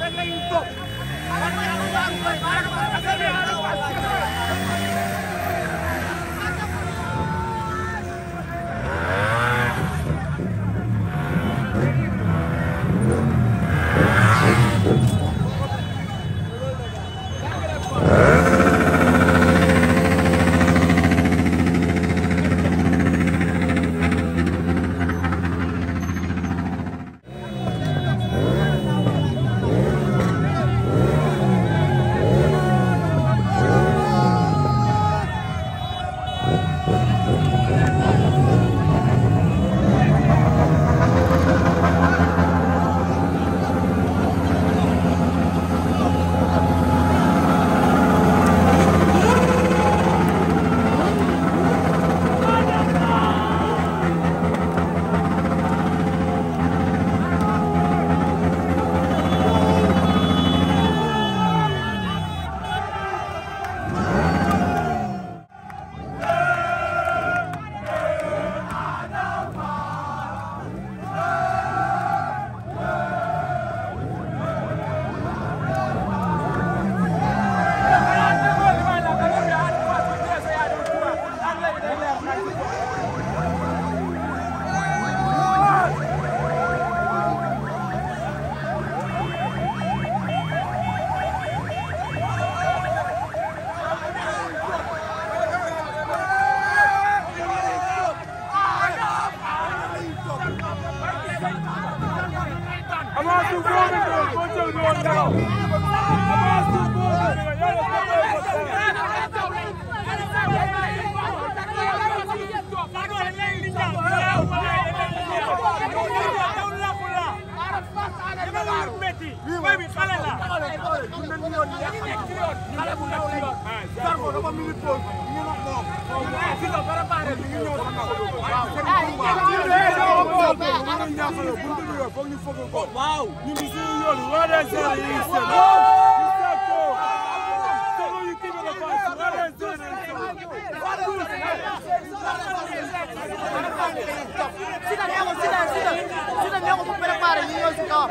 Thank you. yow buntu bi yow foog ñu foog ko. waaw ñun ñu suñu yoon roi des arènes yi seen. ñu seet ko. solo yu kii bi nga faa roi des arènes yi sida nee ko sida sida sida nee ko mu préparé ñu ñëw si kawam.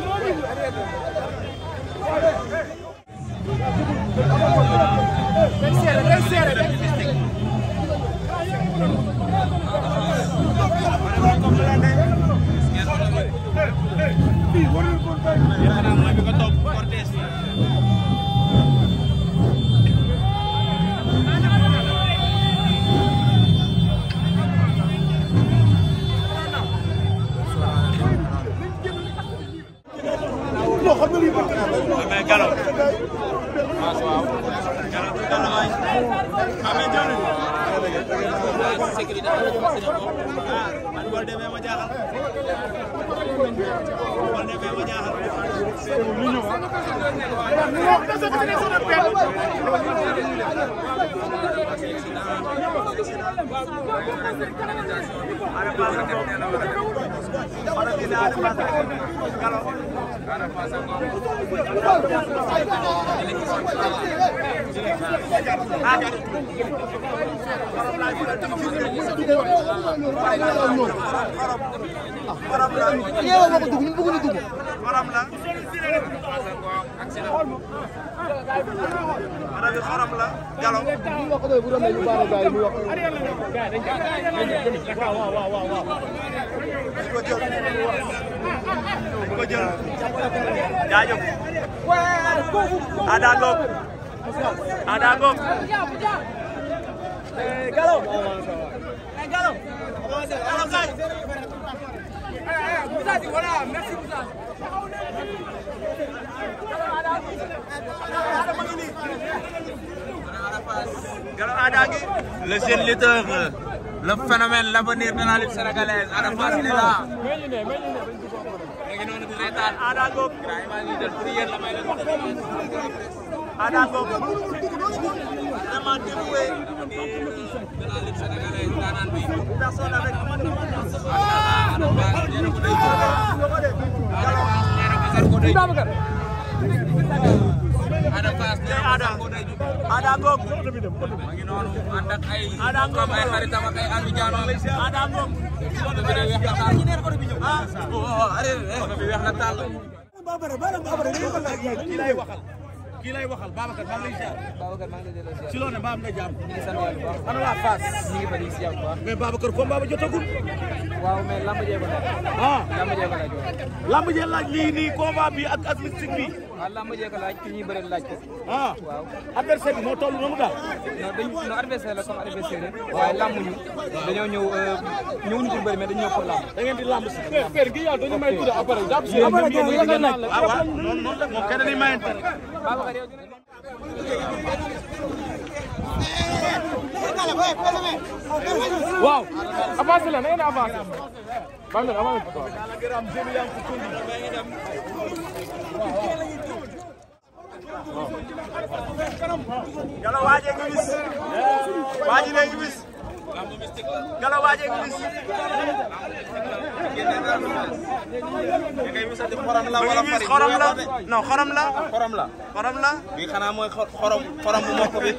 Yéen a ngi ko topp cortège bi Jaajëf. Ada Lop. Ada Gong. Eh, Galo. Eh, Galo. Galo, guys. Eh, eh, Moussa, tu voilà. Merci, Moussa. Galo Ada gi. Le jeune lutteur, euh, le phénomène, l'avenir de la lutte sénégalaise. Ada Fass, il est là. Ada Gong. Ibrahima, il est là. Ada Ngom vraiment dévoué et de la Ligue sénégalaise daanaan bi personne avec Ada Fass Ada Ngom ma ngi noonu ànd ak ay comme ay xaritam ak ay almijaano Ada Ngom bi weex na tàll kii lay waxal Babacar maa ngi lay ziar. Babacar maa ngi lay delloo ziar. ci loolu ne na jàmm. ñu ngi sant ana waa Fass. ñu ngi fa di ziar bu baax. mais Babacar combat ba jotagul. waaw mais lamb jee ko laaj. ah jee laaj lii nii combat bi ak atlétique bi. waaw ah, lamb jee ko laaj ki ñuy bëre laaj ko. ah waaw. adversaire bi moo toll na daal. non dañ la comme euh, da ngeen di lamb si. père père gi yàlla dañu may tudd si yéen ñoom yéen ñi ngeen naan la. waaw waaw noonu la waaw avancé la na ngeen avancé bam na amaay photo Gala waaje ngi bis waaji ngi bis Gala waaje ngi bis xorom la non xorom la xorom la xorom la. bii xanaa mooy xorom xorom bu mokk bi.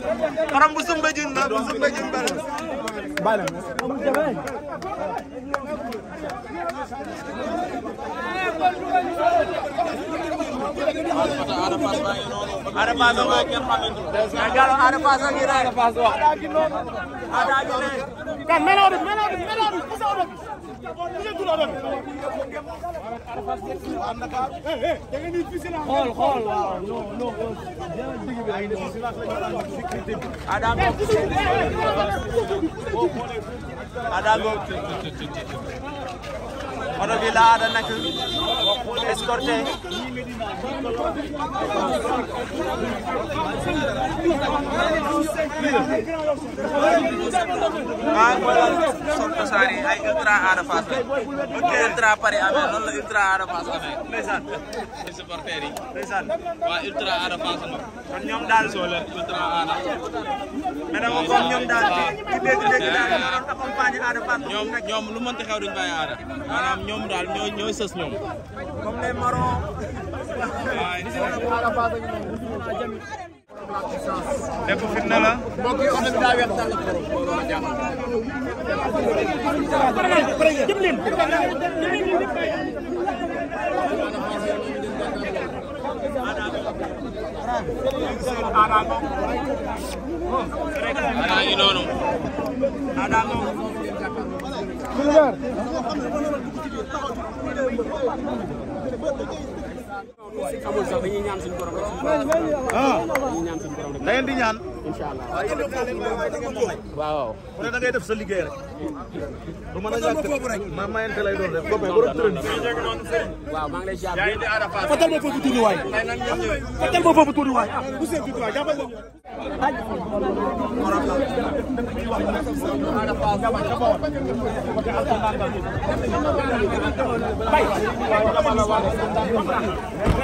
xorom bu sumba jun la bu sumba jun ba la. bala. Arafaas ba ngi noonu. Arafaas ngi noonu. Arafaas wax. Kan meloo bi meloo bi meloo bi xool xool waaw non non Adama Adama oto bi la Ada nekk escorté ah voilà soxna Sary ay ultra Ada Fass la ok ultra Paris amee noonu la ultra Ada Fass amee. ndeysaan supporters yi ndeysaan waa ultra Ada Fass la kon ñoom daal soo la ultra Ada mais dama ko ñoom daal ci dégg-dégg daal ñoo doon accompagner Ada Fass ñoom ñoom lu mënti xew duñ bàyyi Ada maanaam ñoom daal ñooy ñooy sës ñoom. comme les marrons. nekk fi na la. mbokk yi oto bi daa weex daal la ko waroon a jàpp. milliard amul sax dañuy ñaan suñu borom rek ah. dañuy di ñaan. incha allah waaw waaw. bu ne def sa liggéey a ma mayante lay doon rek. boppam borom tërën. waaw maa ngi lay ziar. fatal ma foofu tuuti waay. fatal ma foofu tuuti waay.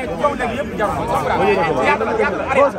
kaw léegi yëpp jarul. yàlla yàlla arrêté.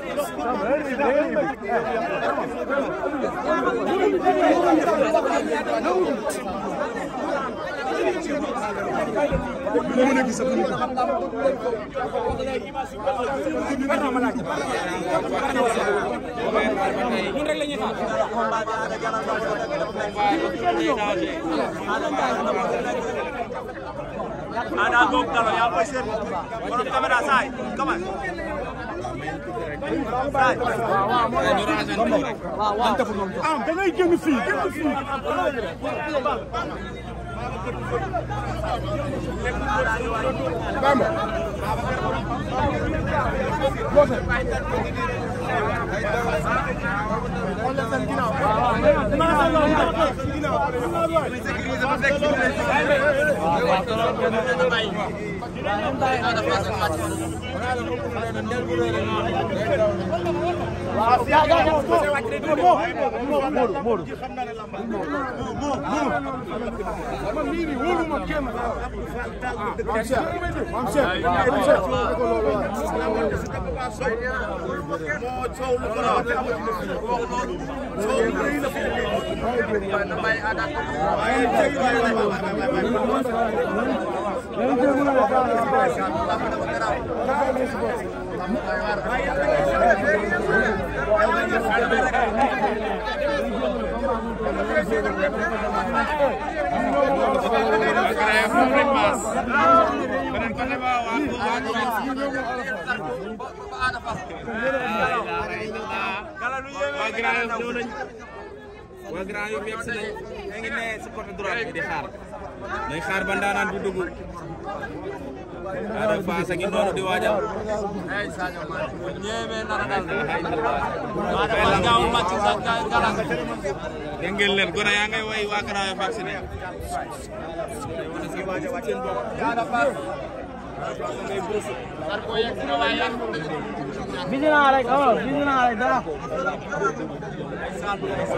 Ada gok kalau ya apa sih? Kalau kamera saya, kamera. waaw waaw ah, da ngay génn fii génn fii Bamba Bosse Ay waaw si yaakaar naa ko Modou Modou Modou waa grand yi yëpp si nañ ngi ne si côté droite bi di xaar day xaar ba ndaanaan du dugg Ada Fass a ngi noonu di waajal ay Sadio Mané ñeme nara dal Ada Fass gaaw màcc sa galang dégg ngeen leen gone yaa ngay way waa Grand Yoff vacciné Ada Fass bisi naa rek oh bisi naa rek dara.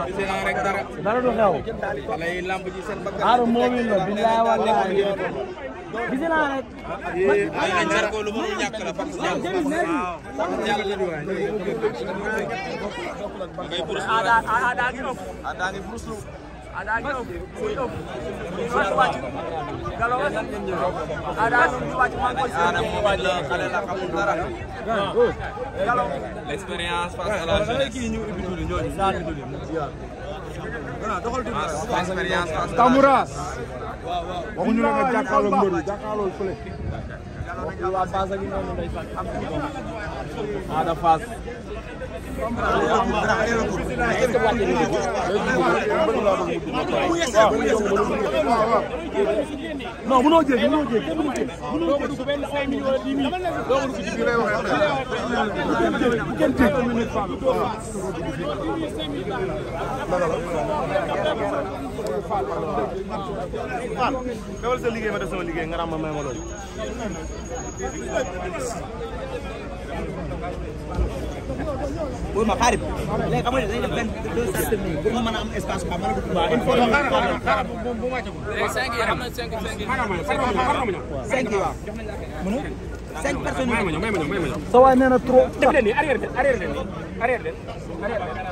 bisi naa rek dara. dara du xew. xale yi lamb ji seen bëgg. aar mobil la bilaay walaay gis naa rek. ay ay jar ko lu mu ñàkk la parce que yàlla la ada gi ëpp muy ëpp muy wàcc galo wàcc ada gi wàcc maa ngi koy ada mu wàcc xale la xamul dara galo l'expérience face à la jeunesse Tambouras. waxuñu la nga jàkkaarloo mbër yi jàkkaarloo fële. waxuñu waa Fass ak non mënoo jéggi mënoo jéggi kenn mënoo jéggi. mënoo jéggi su benn 5 millions 10 000. bu kenn jéggi. Fall dawal sa liggéey ma def sama liggéey nga ràmm may ma loolu. booy ma xaarib léegi xam nga dañuy def benn deux semaines pour nga mën a am espace quoi mën a dugg. waaw il faut cinq yi waaw mën na cinq personnes yi. sa waay nee na trop. def leen nii arrière leen arrière leen arrière leen arrière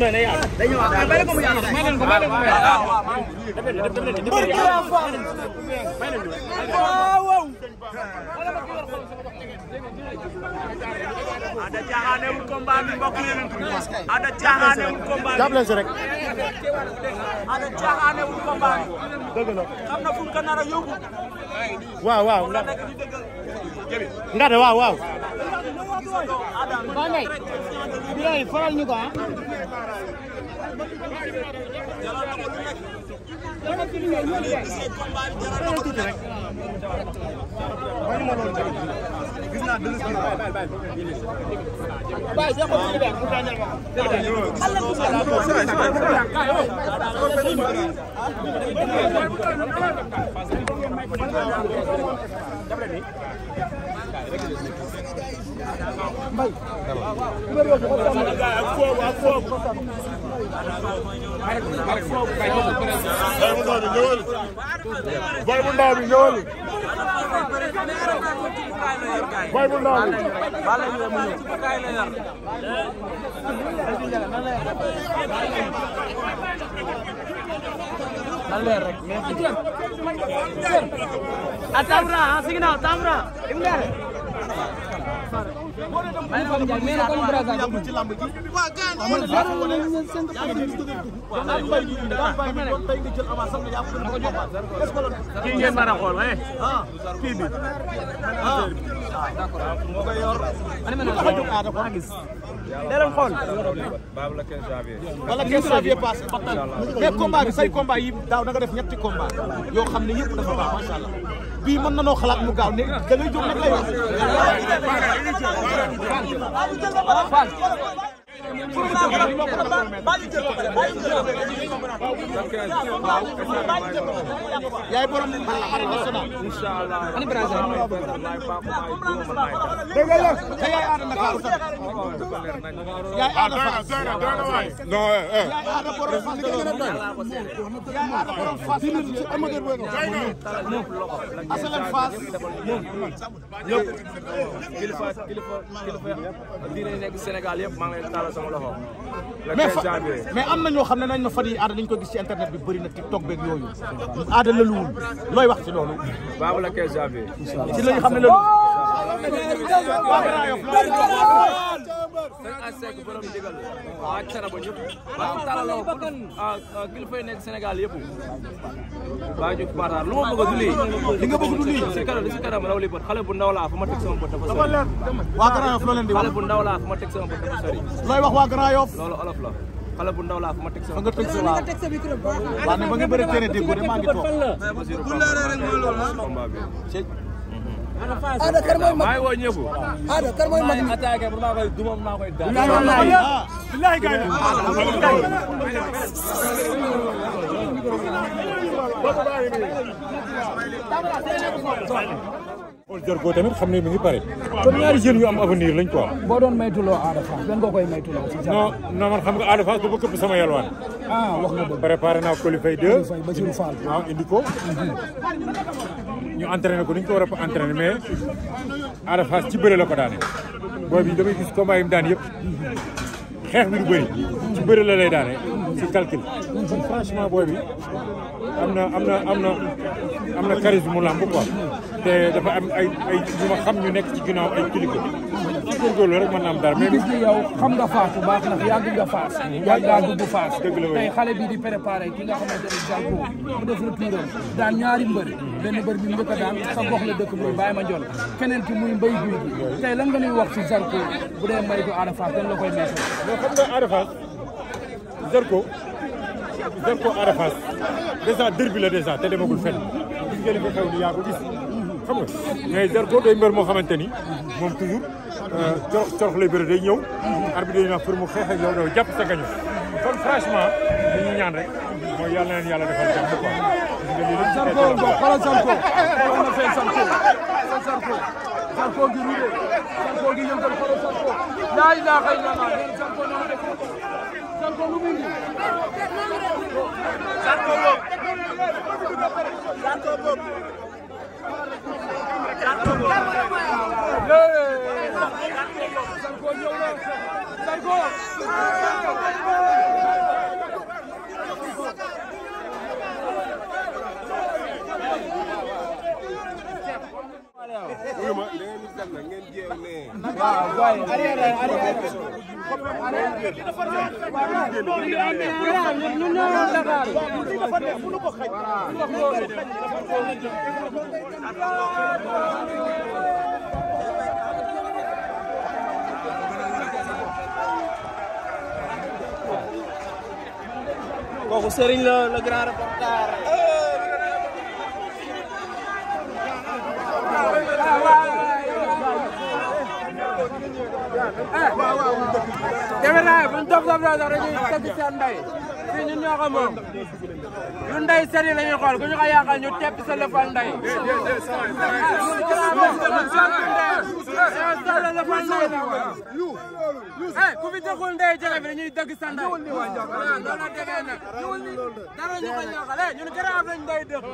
na ne yaatu. dañuy wax mais bàyyi ko mu yaatu. may leen ko may leen ko mu yaatu. waaw waaw waaw. def leen def leen def leen yaatu. may leen ko. waaw waaw. Ada caaxaane wul combat bi mbokk yeneen tuuti. Ada caaxaane wul combat bi. jàpp leen si rek. Ada caaxaane wul combat bi. dëgg la. xam na fu mu ko nar a yóbbu. waaw waaw. nga de waaw waaw. Ba Ndeye Birame faral ñu ko ah. mbay ak foofu ak foofu boy bu ndaw bi ñëwal boy bu ndaw bi leer rek a tamra signal tamra kii ngeen mën a xool waaye kii bi d'accord moo koy yor maa gis deren xool wala 15 janvier passé battal mais combat bi say combat yi daaw da nga def ñetti combat yoo xam ne yëpp dafa baax macha allah bii mën na noo xalaat mu gaaw ne da ngay jóg nag lay wax yaay borom arène nationale inshallah ani braza dégg la yaay aada Ndakaaru sax yaay aada Fass non eh, eh yaay aada borom Fass yaay aada borom Fass ci amateur boy no asalem Fass yëpp kilifa kilifa kilifa diine nekk Sénégal yëpp maa ngi leen taalal sama loxo. mais mais am na ñoo xam ne nañ ma fan yi aada dañ ko gis ci internet bi bëri na tiktok beeg yooyu. aada lëluwul looy wax ci loolu. baabu la 15 janvier. ci la ñu xam ne lëluwul. sëñ Assec borom ndigal waa Caraba ñëpp waaw talaloo ah, ah, kilifa yi nekk Sénégal yëpp baa jóg Patar lu ma bëgg du lii li nga bëgg du lii si kanam si kanam raw li bët xale bu ndaw laa fa ma teg sama bët dafa sori waa Grand Yoff loo leen di wax xale bu ndaw laa fa ma teg sama bët dafa sori looy wax waa Grand Yoff loolu olof la xale bu ndaw laa fa ma teg sama bët fa nga teg sa micro waaw ne ba nga bëri téere dégg de maa ngi toog Ada kan mooy mag maa ngi woo ñëpp. Ada kan mooy mag mi. maa koy duma maa koy daal. bilaay gaay bilaay gaay Paul Diorgo tamit xam ne mi ngi pare. kon ñaari jeunes yu am avenir lañ quoi. boo doon maytuloo Ada Fass benn nga koy maytuloo. non man xam nga Ada Fass du ko këpp sama yalwaan. ah wax nga dëgg. préparé naa Colifay 2. waaw indi ko. ñu entraîné ko ni ñu ko war a entraîné mais Ada Fass ci bëre la ko daane. booy bi damay gis combat yi daan yëpp. xeex bi du bëri ci bëri la lay daane ci calcul franchement booy bi am na am na am na am na charisme mu làmb quoi te dafa am ay ay ñu ma xam ñu nekk ci ginnaaw ay kilifa ci góorgóorlu rek mën na am dara mais gis yow xam nga bu baax ndax yàgg nga faas yàgg nga dugg faas xale bi di préparé ki nga xamante ne jàlko mu def retouram daan ñaari mbër benn mbër bi njëkk a daan sa gox la dëkk muy ma jol keneen ki muy mbay guy bi tey lan nga ñuy wax ci jàlko bu dee mbay du aada faas lan la koy meesal xam nga Ada Fass Zarko Zarko Ada Fass dèjà derby la dèjà te demagul fenn gis nga li fi xew ni yaa ko gis xam nga mais Zarko day mbër moo xamante ni moom toujours euh, corox corox lay bëri day ñëw arbitre na pour mu xeex ak yow doo jàpp sa gañu kon franchement li ñu ñaan rek mooy yàlla na leen yàlla defal jàmm quoi Zarko boo xoolal Zarko xoolal na fee Zarko Zarko Zarko gi ruubee Zarko gi yëngal xoolal Zarko laa ilaaha illallaah nee na Zarko noonu def Zarko lu mu indi Zarko boobu Zarko boobu Zarko boobu Zarko ñëw na Zarko ma da ngeen di dal na ngeen jéew ne. waaw waaye kooku Serigne la le grand reporter déwén naa bu ñu toog soob soob sax dañuy tëgg seen ndey fii ñun ñoo ko moom ñu ndey seen ku ñu ko ñu tepp sa lëfal eh ku fi joxul ndey jaraaf dañuy dagg sandaay voilà loolu la déggee nag dara ñu ko ñoxal eh ñun jaraaf lañ ndey dëkk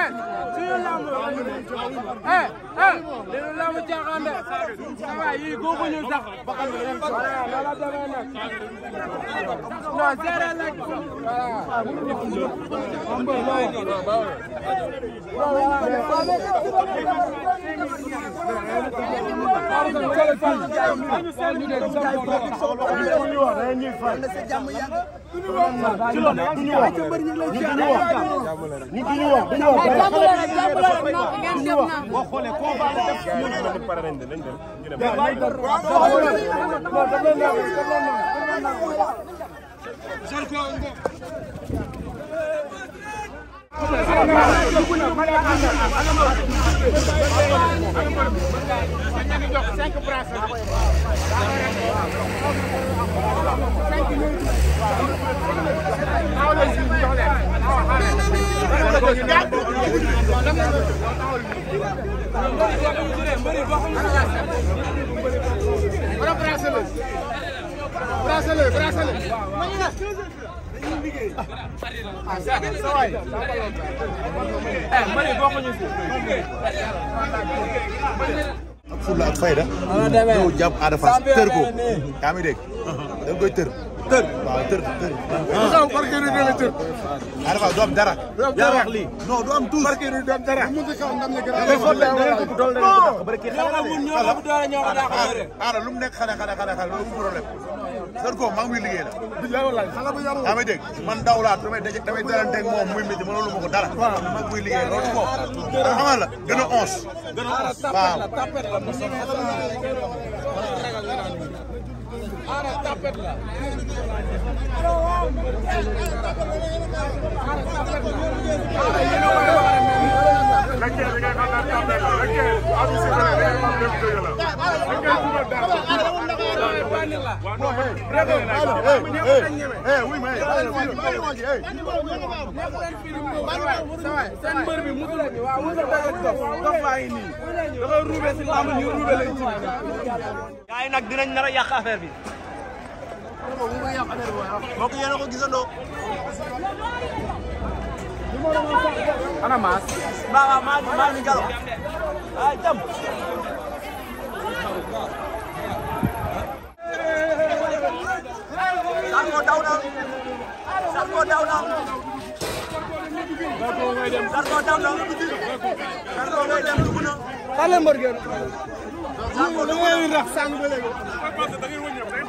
eh suñu lamb eh eh dañu lamb jaaxaan de ça va yii góobuñu sax voilà loolu la déggee nag non séeréer lañ voilà. ñu ñu ñu ñu Brasile, brasile. Brasile. ak fulla ak fayda. ñëw jàpp Ada Fass tër ko yaa ngi dégg da nga koy tër. tër waaw tër tër. ah parce que dañu la tër. Ada Fass du am dara. yaa wax lii non du am tuus. parce que du am dara. mu ngi kaw ndam la gën a. da ngay xool doole la ñu ko bëri kii xale la de. ñoo xam ñoo xam doole ñoo xam daa ko bëri. Ada lu mu nekk xale xale xale xale loolu problème. Zarko maa ngi liggéey la. bilaay walaay xale bu yaru. yaa ngi dégg man daw laa damay daje damay dalanteeg moom muy métti mënalu ma ko dara. waaw maa ngi koy liggéey loolu ko. xamal la gën a onze. gën a onze waaw. ara tapet la ara tapet la seen mbër bi musul musul ngi nii da ñu ruube lañ ci gars yi bi mbokk yéen maas ni galo ah jam daw na Zarko daw na Zarko ngay dem dugg na xale mbër ngeen Zarko da ngay rax sànni ba léegi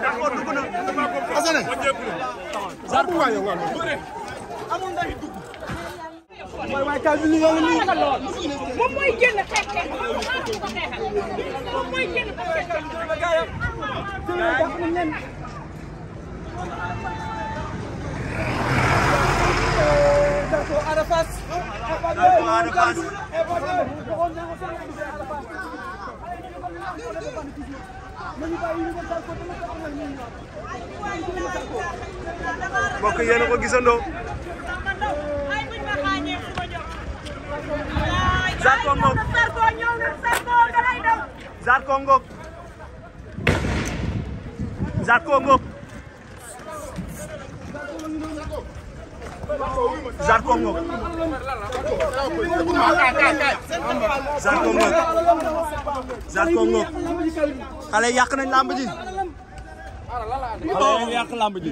Zarko dugg na asane Zarko waay yow amul ndey dugg mooy waay kàddu li nga ni moom mooy génn xeex xeex moom mooy génn xeex xeex Ada pas. mbokk yi yéen a ko gisandoo. Zarko Zarko Ngok Zarko Ngok Zarko Ngok xale yàq nañ lamb ji xale yàq lamb ji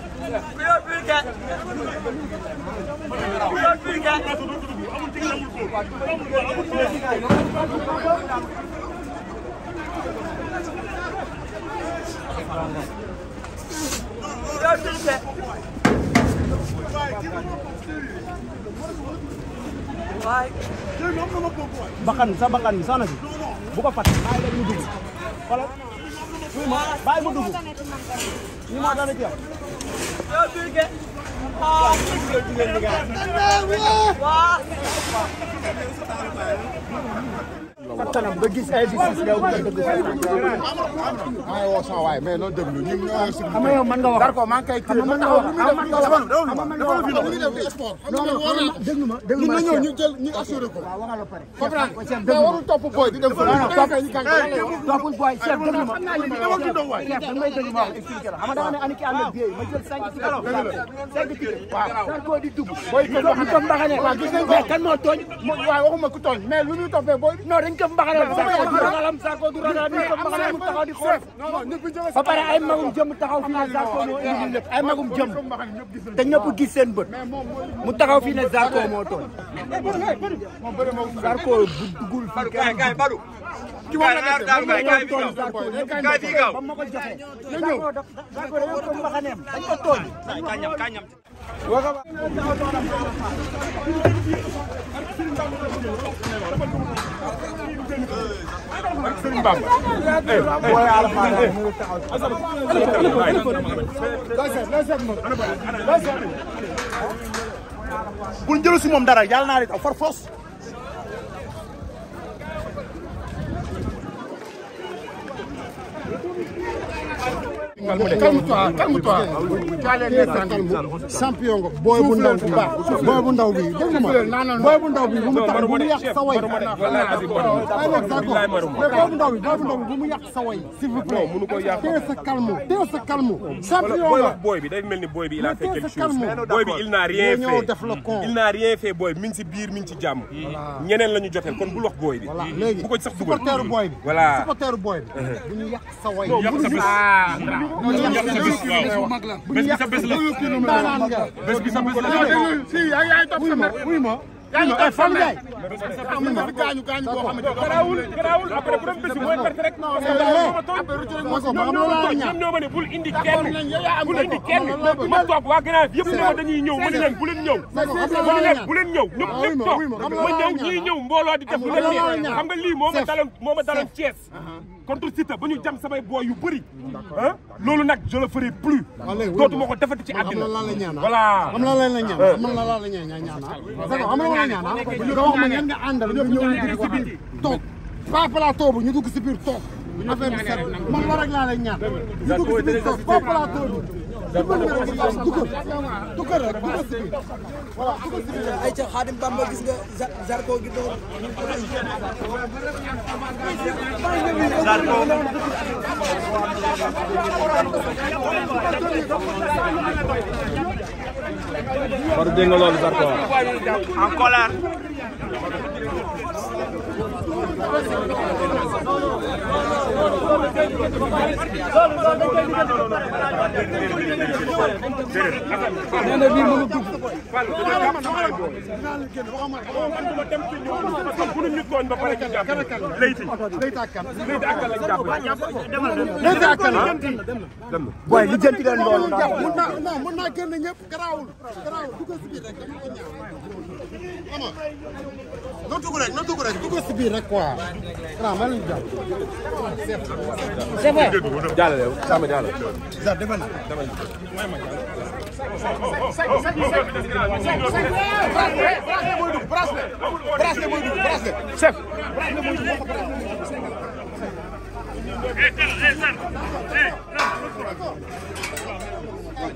républicain républicain bakkan sa bakkan bi soxna si bu ko fàtte bàyyi leen mu dugg xoolal bàyyi mu dugg ñu moo dana ci yow Wow. fattanam ba gis injustice yow nga dëgg maa woo sama waay mais loolu déglu ñu xam nga yow mën nga wax Zarko maa ngi koy xam nga mën nga wax mën nga wax déglu ma déglu ma ñëw ñu jël ñu assuré ko waaw waxal pare comprendre mais warul topp booy di dem fa topp booy chef déglu ma chef da ngay déglu ma wax expliqué la xam nga dama ne ani ki ànd ak ma jël cinq ticket cinq ticket waaw Zarko di dugg booy ko mbaxane mais kan moo tooñ waaw waxuma ku tooñ mais lu ñu toppee booy non këf mbaxanaam Sakko du ragalam Sakko du ragalam ñu këf mbaxanaam mu taxaw di xool ba pare ay magum jëm taxaw fii ne Sakko moo indi lépp ay magum jëm te ñëpp gis seen bët mu taxaw fii ne Sakko moo toll. Sakko bu duggul fii kenn ki moom la def daal kay kay bi kaw kay bi kaw ba ma ko joxe Sakko da Sakko da ko mbaxanaam dañ ko tooñ ka ñam ka ñam Thank you. Sëriñ Bamba bu ñu jëlu si moom dara yàlla naa leen aw far force calme-toi calme-toi. champion nga booy bu ndaw bi baax booy bu ndaw bi dégg nga booy bu ndaw bi bu mu tax bu mu yàq sa way. booy bu ndaw bi booy bu ndaw bi bu mu yàq sa way. s'il vous plaît teel sa calme teel sa calme. champion nga booy bi day mel ni booy bi il a fait quelque chose booy bi il n'a rien fait il n'a rien fait booy mi ngi ci biir mi ngi ci jàmm. ñeneen la ñu joteel kon bul wax booy bi. bu ko sax dugal voilà léegi supporteru booy bi. supporteru booy bi bu ñu yàq sa way. bés bi sa bés la bés bi sa bés la yaa ngi toog fan laay mën na fi gaañu gaañu ah boo ah, xam ne garaawul nga lii moo ma daloon moo ma daloon ah, jam samay boy yu bëri ah loolu nag je le ferai plus dootuma ko defati ci àddina voilà am la la ñaan ñaan la ñaan nga wax ma ñan nga àndal nga ñëw ñu dugg si biir toog pas plateau bu ñu dugg si biir toog affaire bi set man la rek laa lay ñaan ñu dugg si biir toog pas plateau bi tukkal rek tukkal si biir voilà tukkal si biir ay ca Xaadim Bamba gis nga Zarko gi doon Zarko war dégg nga loolu Zarko en colère nee na biir mënul dugg. waaye li jënd leen loolu. mën naa mën naa génn ñëpp garaawul garaawul. ama noo dugg rek noo dugg rek dugg si biir rek quoi ah maa ngi jàpp. c'est vrai. jàllale sama jàllale. ça defal na. chef. Fallou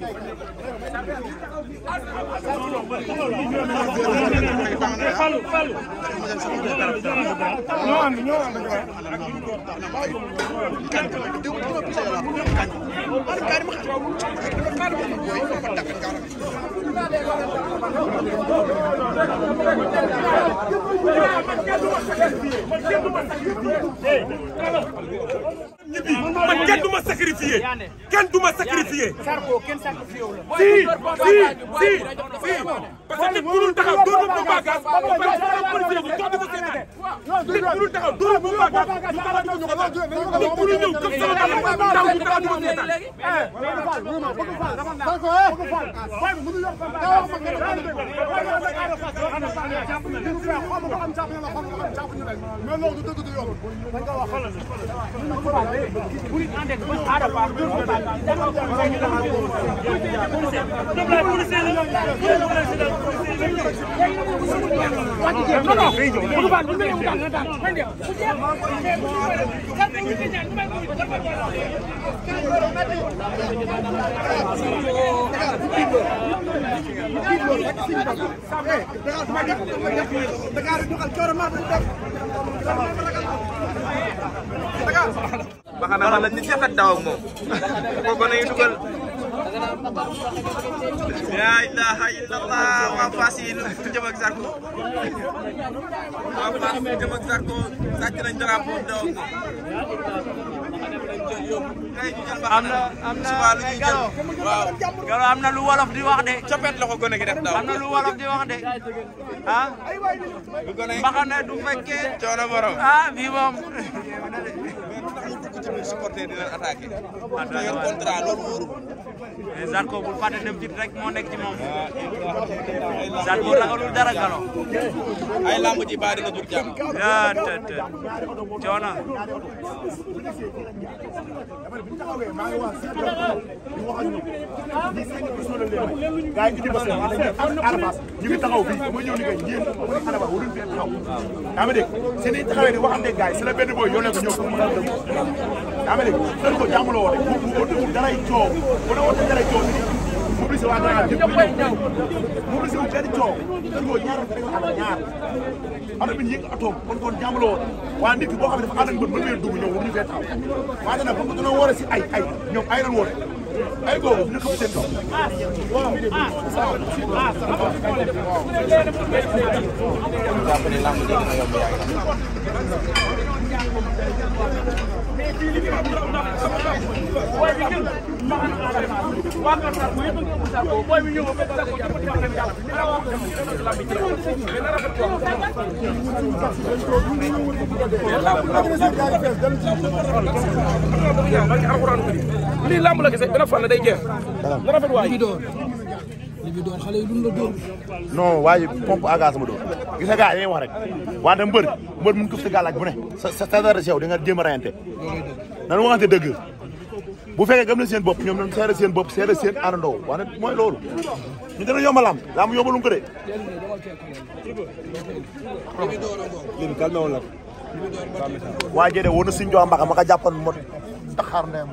Fallou ñoo ànd ñoo ànd man kenn du ma sacrifié kenn du ma sacrifié ngeen sàkk si yow la. si si si si parce que nit mënul taxaw doo doon ba bagage ba pare jox ko seen nit ku dul taxaw dóor bu baax a baax ñu ko def nit ku dul ñëw comme sama taxaw taw bi taxaw dama seetaan. Thank you. ba xam ne man la ñu seqat daaw ak moom. kooku nañu dugal. yaa ilaaha illallah waa Fass yi fu ñu jëm ak Zarko waa Fass fu ñu jëm ak Zarko sàcc nañ drapeau daw ko am na am na waaw Galo am na lu wolof di wax de copet la ko gone gi def daaw am na lu wolof di wax de ah lu gone mbaxana du fekkee coono borom ah bii moom supporter di leen attaqué contrat loolu wóorul Zarko bul fàtte dem ci rek moo nekk ci moom Zarko ragalul dara galo ay lamb ji bari nga jur jàmm yaa te te coono gaay yi di ba seen armas ñu ngi taxaw fii ma ñëw ni kay yéen mu ne armas waruñ fee taxaw yaa ma dégg seen i taxawee di waxante gaay si la benn booy yoo nekk ñëw pour mën a dem yaa ngi dégg sori ko jàmm la woote bu bu daray coow bu la wootee daray coow nit ñi mobilisé waa Grand Yoff ñëpp ñëw mobilisé wu benn coow sori ko ñaar rek la na bi ñu yëg atoom kon kon jàmm la woote waa nit ki boo xam ne dafa ànd ak bët woore si ay ay ñoom ay mais fii la bi ci na rafet la gise dana day jeex na rafet waay li bi doon non waaye pompe à ma dóor gis nga gars yi dañuy wax rek wante mbër mbër mu këf sa gàllaaj bu ne sa sa dara si yow di nga jéem a nanu waxante dëgg bu fekkee gëm na seen bopp ñoom ñoom seere seen bopp seere seen àndandoo wante mooy loolu ñu dana yomb a laam laam yombalum ko de. li bi calmé woon la waa Jede woon na suñu joo mbaka ma ka jàppoon mot taxaar ndeyam.